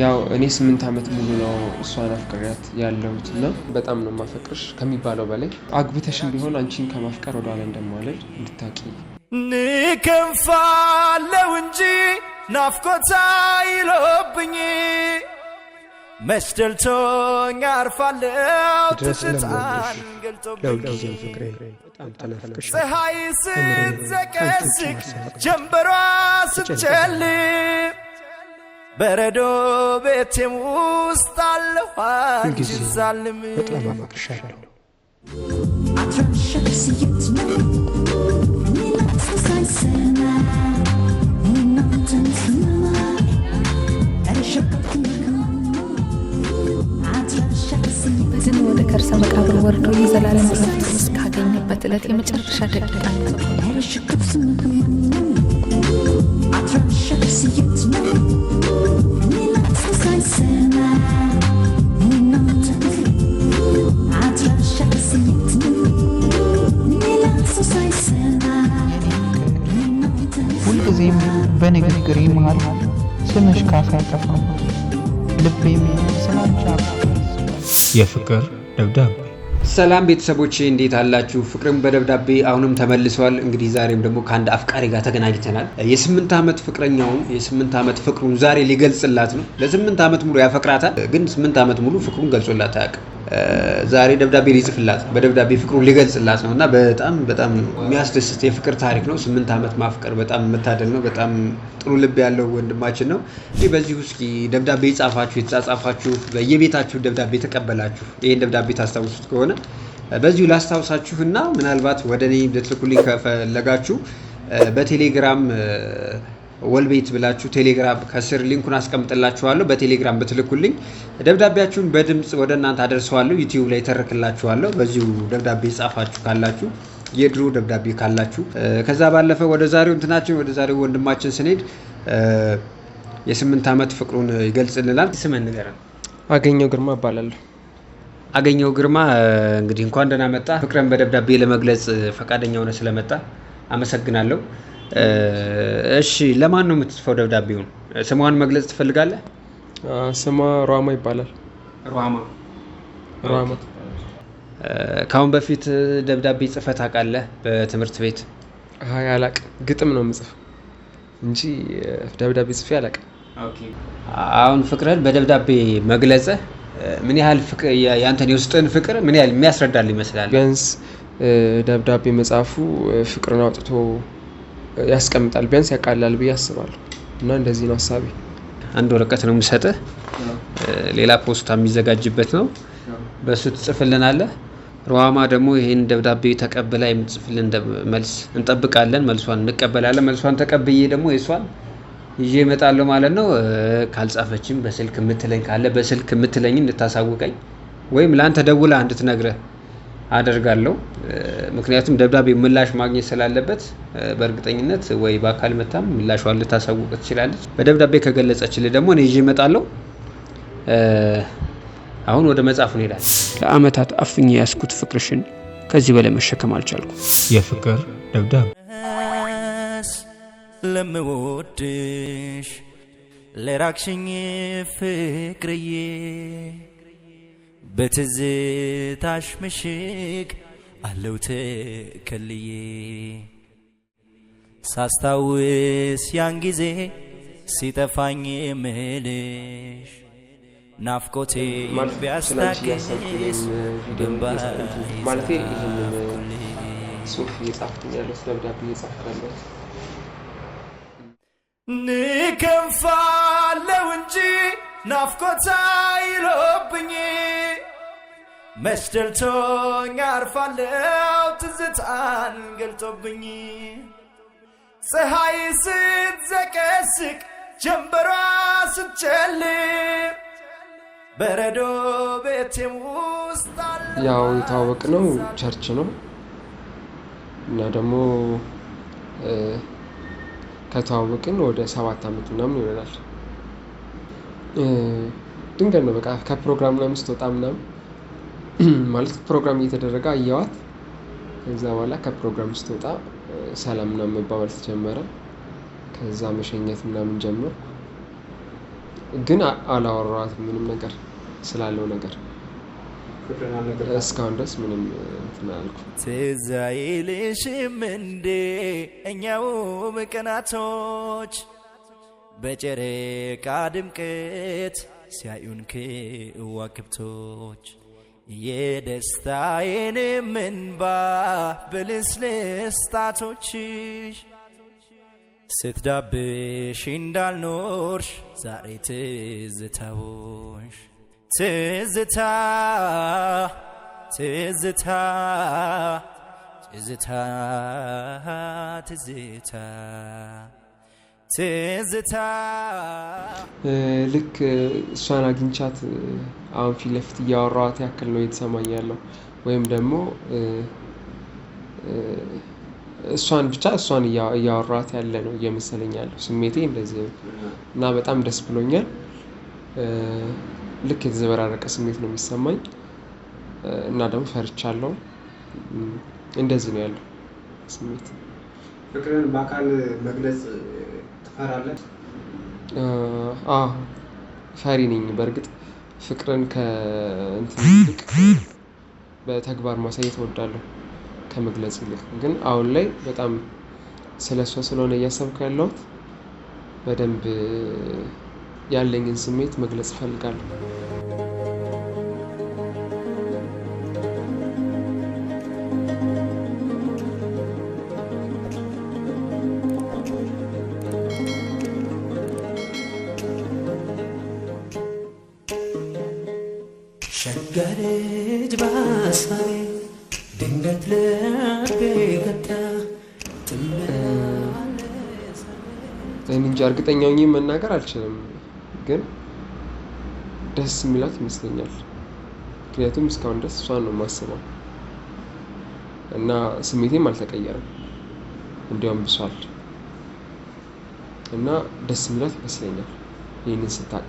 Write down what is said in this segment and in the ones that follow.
ያው እኔ ስምንት ዓመት ሙሉ ነው እሷን አፍቅሬያት ያለሁት እና በጣም ነው ማፈቅርሽ ከሚባለው በላይ አግብተሽም ቢሆን አንቺን ከማፍቀር ወደኋላ እንደማለድ እንድታቂ ንከንፋለው እንጂ ናፍቆታ ይሎብኝ መስደልቶኝ አርፋለው ትስጣን ገልጦብኝ ፀሐይ ስትዘቀዝቅ ጀንበሯ ስትጨልም በረዶ ቤቴም ውስጥ አለሁ አንቺን ሳልም ወደ ከርሰ መቃብር ወርዶ የዘላለም ረፍት እስካገኘበት ዕለት የመጨረሻ ደቂቃ ነው። ችግር ይመሃል ስምሽ ካፍ ያጠፋም ልብ የፍቅር ደብዳቤ። ሰላም ቤተሰቦች እንዴት አላችሁ? ፍቅርም በደብዳቤ አሁንም ተመልሰዋል። እንግዲህ ዛሬም ደግሞ ከአንድ አፍቃሪ ጋር ተገናኝተናል። የስምንት ዓመት ፍቅረኛውን የስምንት ዓመት ፍቅሩን ዛሬ ሊገልጽላት ነው። ለስምንት ዓመት ሙሉ ያፈቅራታል፣ ግን ስምንት ዓመት ሙሉ ፍቅሩን ገልጾላት አያውቅም። ዛሬ ደብዳቤ ሊጽፍላት በደብዳቤ ፍቅሩ ሊገልጽላት ነው እና በጣም በጣም የሚያስደስት የፍቅር ታሪክ ነው። ስምንት ዓመት ማፍቀር በጣም መታደል ነው። በጣም ጥሩ ልብ ያለው ወንድማችን ነው። ይህ በዚሁ እስኪ ደብዳቤ የጻፋችሁ የተጻጻፋችሁ፣ በየቤታችሁ ደብዳቤ የተቀበላችሁ ይህን ደብዳቤ ታስታውሱት ከሆነ በዚሁ ላስታውሳችሁና ምናልባት ወደ እኔ ልትልኩልኝ ከፈለጋችሁ በቴሌግራም ወልቤት ብላችሁ ቴሌግራም ከስር ሊንኩን አስቀምጥላችኋለሁ። በቴሌግራም ብትልኩልኝ ደብዳቤያችሁን በድምፅ ወደ እናንተ አደርሰዋለሁ። ዩቲዩብ ላይ ተርክላችኋለሁ። በዚሁ ደብዳቤ ጻፋችሁ ካላችሁ የድሮ ደብዳቤ ካላችሁ ከዛ ባለፈ ወደ ዛሬው እንትናችን ወደ ዛሬው ወንድማችን ስንሄድ የስምንት ዓመት ፍቅሩን ይገልጽልናል። ስምን ንገረን። አገኘው ግርማ እባላለሁ። አገኘው ግርማ እንግዲህ እንኳን ደህና መጣ። ፍቅርን በደብዳቤ ለመግለጽ ፈቃደኛ ሆነ ስለመጣ አመሰግናለሁ። እሺ ለማን ነው የምትጽፈው ደብዳቤውን? ስሟን መግለጽ ትፈልጋለህ? ስሟ ሯማ ይባላል። ሯማ ሯማ። ከአሁን በፊት ደብዳቤ ጽፈህ ታውቃለህ? በትምህርት ቤት? አላቅ። ግጥም ነው የምጽፍ እንጂ ደብዳቤ ጽፌ አላቅ። አሁን ፍቅርህን በደብዳቤ መግለጽ ምን ያህል የአንተን የውስጥን ፍቅር ምን ያህል የሚያስረዳል ይመስላል? ቢያንስ ደብዳቤ መጽሐፉ ፍቅርን አውጥቶ ያስቀምጣል፣ ቢያንስ ያቃላል ብዬ አስባለሁ እና እንደዚህ ነው ሀሳቤ። አንድ ወረቀት ነው የሚሰጥህ፣ ሌላ ፖስታ የሚዘጋጅበት ነው። በእሱ ትጽፍልናለህ። ሩሃማ ደግሞ ይህን ደብዳቤ ተቀብላ የምትጽፍልን መልስ እንጠብቃለን። መልሷን እንቀበላለን። መልሷን ተቀብዬ ደግሞ የእሷን ይዤ እመጣለሁ ማለት ነው። ካልጻፈችም በስልክ የምትለኝ ካለ በስልክ የምትለኝ እንድታሳውቀኝ ወይም ለአንተ ደውላ እንድትነግረህ አደርጋለሁ። ምክንያቱም ደብዳቤ ምላሽ ማግኘት ስላለበት በእርግጠኝነት ወይ በአካል መታም ምላሿን ልታሳውቅ ትችላለች። በደብዳቤ ከገለጸችልህ ደግሞ እኔ ይዤ እመጣለሁ። አሁን ወደ መጽሐፉ እንሄዳለን። ለአመታት አፍኜ ያስኩት ፍቅርሽን ከዚህ በላይ መሸከም አልቻልኩ የፍቅር ደብዳቤ ለምወድሽ ለራክሽኝ ፍቅርዬ በትዝታሽ ምሽግ አለው ተከልዬ ሳስታውስ ያን ጊዜ ሲጠፋኝ ምልሽ ናፍቆቴ ቢያስታግስ ግንባር ማለቴ ይህንን ጽሁፍ እየጻፍኩኝ ያለሁት ደብዳቤ እየጻፍኩ ያለሁት ንከንፋለው እንጂ ናፍቆታ ይሎብ መስደልቶኝ አርፋለው ትዝታን ገልጦብኝ ፀሐይ ስትዘቀስቅ ጀንበሯ ስትጨልም በረዶ ቤቴም ውስጥ ያው ነው ቸርች ነው እና ደግሞ ከተዋወቅን ወደ ሰባት ዓመት ምናምን ይሆናል። ድንገት ነው በቃ ከፕሮግራም ምስት ወጣ ምናምን ማለት ፕሮግራም እየተደረገ አየዋት። ከዛ በኋላ ከፕሮግራም ስትወጣ ሰላም ምናምን መባባል ተጀመረ። ከዛ መሸኘት ምናምን ጀመርኩ። ግን አላወራት ምንም ነገር ስላለው ነገር እስካሁን ድረስ ምንም እንትን አልኩ። ትዝ አይልሽም እንዴ እኛው ምቅናቶች በጨረቃ ድምቀት ሲያዩን ከዋክብቶች የደስታዬን ምንባ በልስልስ ጣቶችሽ ስትዳብሽ እንዳልኖርሽ ዛሬ ትዝታውሽ ትዝታ ትዝታ ትዝታ ትዝታ ትዝታ ልክ እሷን አግኝቻት አሁን ፊት ለፊት እያወራኋት ያክል ነው የተሰማኝ ያለው። ወይም ደግሞ እሷን ብቻ እሷን እያወራት ያለ ነው እየመሰለኝ ያለው ስሜቴ እንደዚህ ነው እና በጣም ደስ ብሎኛል። ልክ የተዘበራረቀ ስሜት ነው የሚሰማኝ እና ደግሞ አለው። እንደዚህ ነው ያለው ስሜት። ፍቅርን በአካል መግለጽ ፈሪ ነኝ። በእርግጥ ፍቅርን ከእንትን ይልቅ በተግባር ማሳየት እወዳለሁ ከመግለጽ ይልቅ። ግን አሁን ላይ በጣም ስለሷ ስለሆነ እያሰብኩ ያለሁት በደንብ ያለኝን ስሜት መግለጽ እፈልጋለሁ። ሸገረች በሀሳቤ ድንገት ልቤ ገባ እንጃ እርግጠኛ ሆኜ መናገር አልችልም፣ ግን ደስ የሚላት ይመስለኛል። ምክንያቱም እስካሁን ደስ እሷን ነው የማስበው እና ስሜቴም አልተቀየረም፣ እንዲያውም ብሷል እና ደስ የሚላት ይመስለኛል ይህንን ስታቅ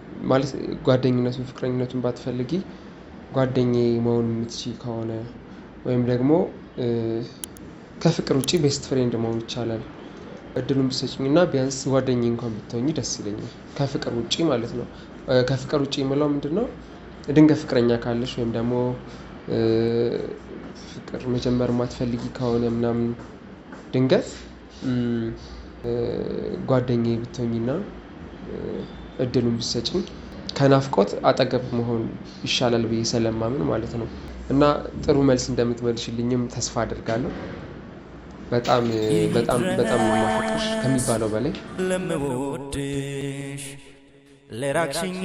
ማለት ጓደኝነቱን ፍቅረኝነቱን ባትፈልጊ ጓደኛ መሆን የምትች ከሆነ ወይም ደግሞ ከፍቅር ውጭ ቤስት ፍሬንድ መሆን ይቻላል። እድሉን ብሰጭኝ እና ቢያንስ ጓደኝ እንኳን ብትሆኝ ደስ ይለኛል። ከፍቅር ውጭ ማለት ነው። ከፍቅር ውጭ የምለው ምንድን ነው? ድንገት ፍቅረኛ ካለሽ ወይም ደግሞ ፍቅር መጀመር የማትፈልጊ ከሆነ ምናምን ድንገት ጓደኛ ብትሆኝና እድሉን ብሰጭኝ ከናፍቆት አጠገብ መሆን ይሻላል ብዬ ስለማምን ማለት ነው። እና ጥሩ መልስ እንደምትመልሽልኝም ተስፋ አድርጋለሁ። በጣም በጣም በጣም ማፈቅሽ ከሚባለው በላይ ለምወድሽ ለራክሽኝ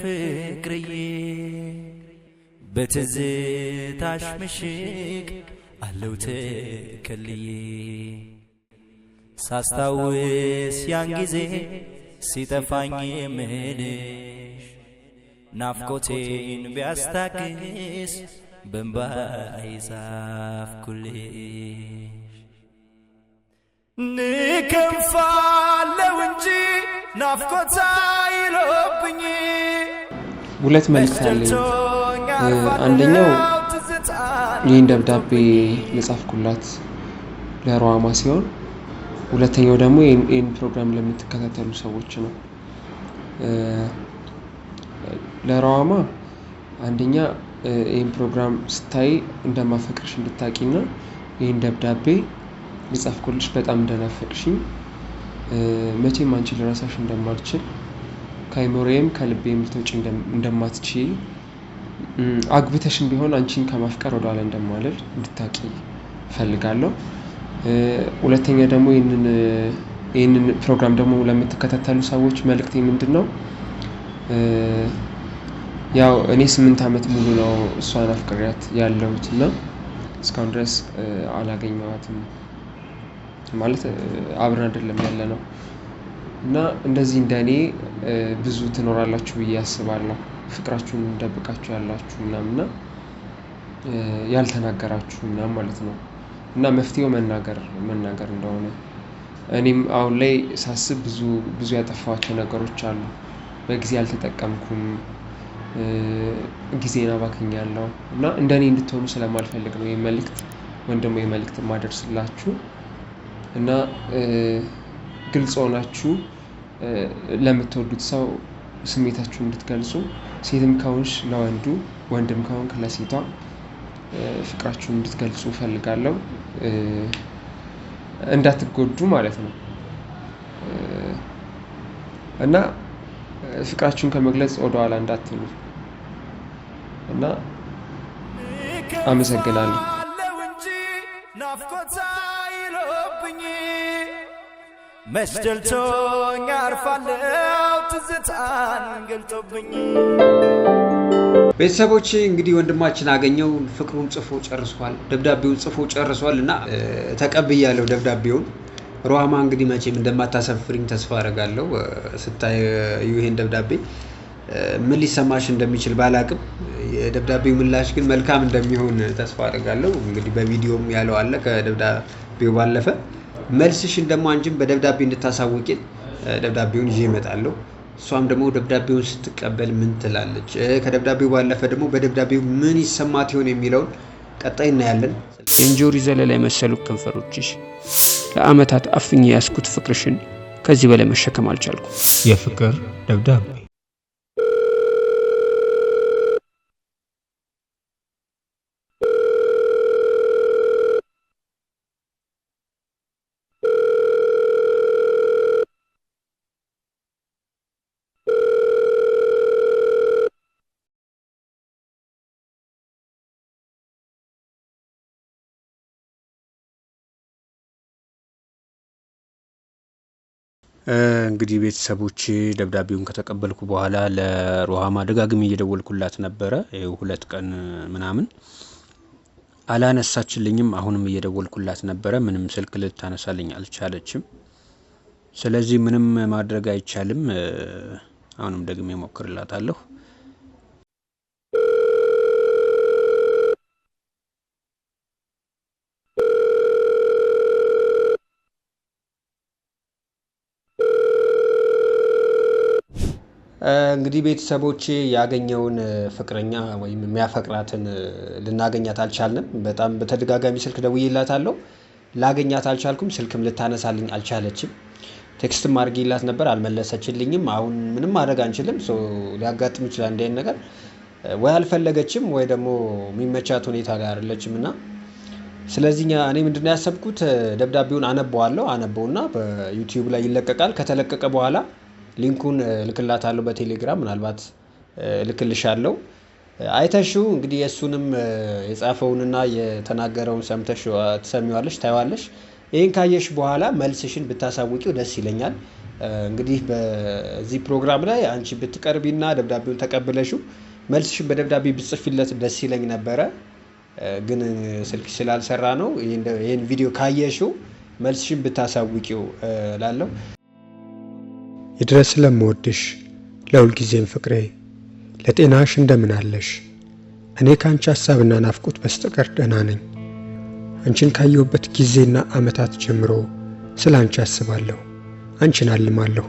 ፍቅርዬ በትዝታሽ ምሽግ አለው ተከልዬ ሳስታውስ ያን ጊዜ ሲተፋኝ የምህልሽ ናፍቆቴን ቢያስታግስ በንባይ ጻፍኩልሽ። ንከንፋለው እንጂ ናፍቆታ ይሎብኝ ሁለት መልእክት አለኝ። አንደኛው ይህን ደብዳቤ የጻፍኩላት ለሯማ ሲሆን ሁለተኛው ደግሞ ይህን ፕሮግራም ለምትከታተሉ ሰዎች ነው። ለራዋማ አንደኛ ይህን ፕሮግራም ስታይ እንደማፈቅርሽ እንድታቂና ይህን ደብዳቤ የጻፍኩልሽ በጣም እንደናፈቅሽኝ መቼም አንቺ ልረሳሽ እንደማልችል ከአይምሮዬም ከልቤ የምትወጪ እንደማትች አግብተሽም ቢሆን አንቺን ከማፍቀር ወደኋላ እንደማለል እንድታቂ እፈልጋለሁ። ሁለተኛ ደግሞ ይህንን ፕሮግራም ደግሞ ለምትከታተሉ ሰዎች መልእክቴ ምንድን ነው? ያው እኔ ስምንት ዓመት ሙሉ ነው እሷን አፍቅሪያት ያለሁት እና እስካሁን ድረስ አላገኘዋትም። ማለት አብረን አይደለም ያለ ነው እና እንደዚህ እንደ እኔ ብዙ ትኖራላችሁ ብዬ አስባለሁ። ፍቅራችሁን እንደብቃችሁ ያላችሁ ምናምና ያልተናገራችሁ ምናም ማለት ነው እና መፍትሄው መናገር መናገር እንደሆነ እኔም አሁን ላይ ሳስብ ብዙ ብዙ ያጠፋቸው ነገሮች አሉ። በጊዜ አልተጠቀምኩም፣ ጊዜን አባክኛለሁ እና እንደኔ እንድትሆኑ ስለማልፈልግ ነው ይህ ወይም ደግሞ እና ግልጽ ሆናችሁ ለምትወዱት ሰው ስሜታችሁን እንድትገልጹ ሴትም ከሆንሽ ለወንዱ፣ ወንድም ከሆንክ ለሴቷ ፍቅራችሁን እንድትገልጹ ፈልጋለሁ እንዳትጎዱ ማለት ነው እና ፍቅራችሁን ከመግለጽ ወደኋላ እንዳትሉ እና አመሰግናለሁ። ናፍቆት አይሎብኝ ትዝታን ገልጦብኝ ቤተሰቦች እንግዲህ ወንድማችን አገኘው ፍቅሩን ጽፎ ጨርሷል፣ ደብዳቤውን ጽፎ ጨርሷል እና ተቀብያለሁ ደብዳቤውን። ሮሃማ እንግዲህ መቼም እንደማታሰፍሪኝ ተስፋ አደርጋለሁ። ስታይ ይሄን ደብዳቤ ምን ሊሰማሽ እንደሚችል ባላቅም የደብዳቤው ምላሽ ግን መልካም እንደሚሆን ተስፋ አደርጋለሁ። እንግዲህ በቪዲዮም ያለው አለ። ከደብዳቤው ባለፈ መልስሽን ደግሞ አንቺም በደብዳቤ እንድታሳውቂን ደብዳቤውን ይዤ እመጣለሁ። እሷም ደግሞ ደብዳቤውን ስትቀበል ምን ትላለች? ከደብዳቤው ባለፈ ደግሞ በደብዳቤው ምን ይሰማት ይሆን የሚለውን ቀጣይ እናያለን። የእንጆሪ ዘለላ የመሰሉ ከንፈሮችሽ፣ ለአመታት አፍኝ ያስኩት ፍቅርሽን ከዚህ በላይ መሸከም አልቻልኩ። የፍቅር ደብዳቤ እንግዲህ ቤተሰቦች ደብዳቤውን ከተቀበልኩ በኋላ ለሩሃማ ደጋግሜ እየደወልኩላት ነበረ ሁለት ቀን ምናምን አላነሳችልኝም። አሁንም እየደወልኩላት ነበረ ምንም ስልክ ልታነሳልኝ አልቻለችም። ስለዚህ ምንም ማድረግ አይቻልም። አሁንም ደግሜ ሞክርላታለሁ እንግዲህ ቤተሰቦቼ ያገኘውን ፍቅረኛ ወይም የሚያፈቅራትን ልናገኛት አልቻልንም። በጣም በተደጋጋሚ ስልክ ደውዬላታለሁ ላገኛት አልቻልኩም ስልክም ልታነሳልኝ አልቻለችም። ቴክስትም አድርጌላት ነበር አልመለሰችልኝም። አሁን ምንም ማድረግ አንችልም ሊያጋጥም ይችላል እንዲህ ነገር ወይ አልፈለገችም ወይ ደግሞ የሚመቻት ሁኔታ ጋር አይደለችም። እና ስለዚህ እኔ ምንድነው ያሰብኩት ደብዳቤውን አነበዋለሁ አነበውና በዩቲዩብ ላይ ይለቀቃል ከተለቀቀ በኋላ ሊንኩን እልክላታለሁ በቴሌግራም ምናልባት እልክልሻለሁ አይተሽው እንግዲህ የእሱንም የጻፈውንና የተናገረውን ሰምተሽ ትሰሚዋለሽ ታይዋለሽ ይህን ካየሽ በኋላ መልስሽን ብታሳውቂው ደስ ይለኛል። እንግዲህ በዚህ ፕሮግራም ላይ አንቺ ብትቀርቢና ደብዳቤውን ተቀብለሽው መልስሽን በደብዳቤ ብጽፊለት ደስ ይለኝ ነበረ። ግን ስልክ ስላልሰራ ነው ይህን ቪዲዮ ካየሽው መልስሽን ብታሳውቂው ላለው ይድረስ ስለምወድሽ ለሁልጊዜም ፍቅሬ ለጤናሽ እንደምን አለሽ? እኔ ከአንቺ ሐሳብና ናፍቆት በስተቀር ደህና ነኝ። አንቺን ካየሁበት ጊዜና ዓመታት ጀምሮ ስለ አንቺ አስባለሁ፣ አንቺን አልማለሁ።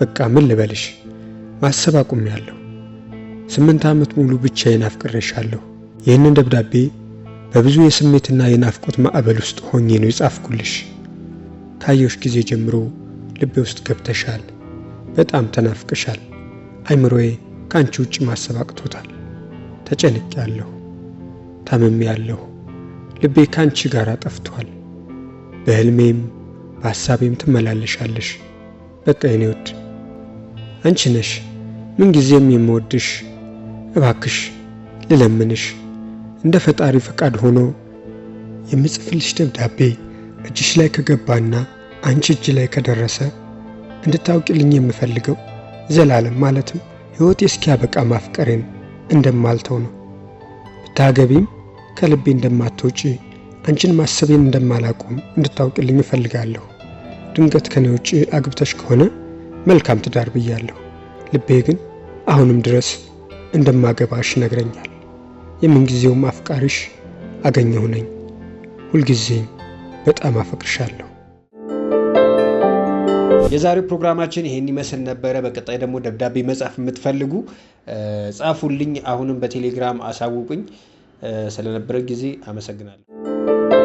በቃ ምን ልበልሽ ማሰብ ያለሁ ስምንት ዓመት ሙሉ ብቻዬን አፍቅሬሻለሁ። ይህንን ደብዳቤ በብዙ የስሜትና የናፍቆት ማዕበል ውስጥ ሆኜ ነው የጻፍኩልሽ። ካየሁሽ ጊዜ ጀምሮ ልቤ ውስጥ ገብተሻል። በጣም ተናፍቅሻል። አይምሮዬ ከአንቺ ውጭ ማሰብ አቅቶታል። ተጨንቅ ያለሁ ታመም ያለሁ ልቤ ከአንቺ ጋር ጠፍቷል። በሕልሜም በሐሳቤም ትመላለሻለሽ። በቃ የኔ ውድ አንቺ ነሽ ምንጊዜም የምወድሽ። እባክሽ ልለምንሽ እንደ ፈጣሪ ፈቃድ ሆኖ የምጽፍልሽ ደብዳቤ እጅሽ ላይ ከገባና አንቺ እጅ ላይ ከደረሰ እንድታውቂልኝ የምፈልገው ዘላለም ማለትም ሕይወቴ እስኪያበቃ ማፍቀሬን እንደማልተው ነው። ብታገቢም ከልቤ እንደማተውጪ አንቺን ማሰቤን እንደማላቆም እንድታውቅልኝ እፈልጋለሁ። ድንገት ከኔ ውጪ አግብተሽ ከሆነ መልካም ትዳር ብያለሁ። ልቤ ግን አሁንም ድረስ እንደማገባሽ ይነግረኛል። የምንጊዜውም አፍቃሪሽ አገኘሁ ነኝ። ሁልጊዜም በጣም አፈቅርሻለሁ። የዛሬው ፕሮግራማችን ይሄን ይመስል ነበረ። በቀጣይ ደግሞ ደብዳቤ መጻፍ የምትፈልጉ ጻፉልኝ። አሁንም በቴሌግራም አሳውቁኝ። ስለነበረ ጊዜ አመሰግናለሁ።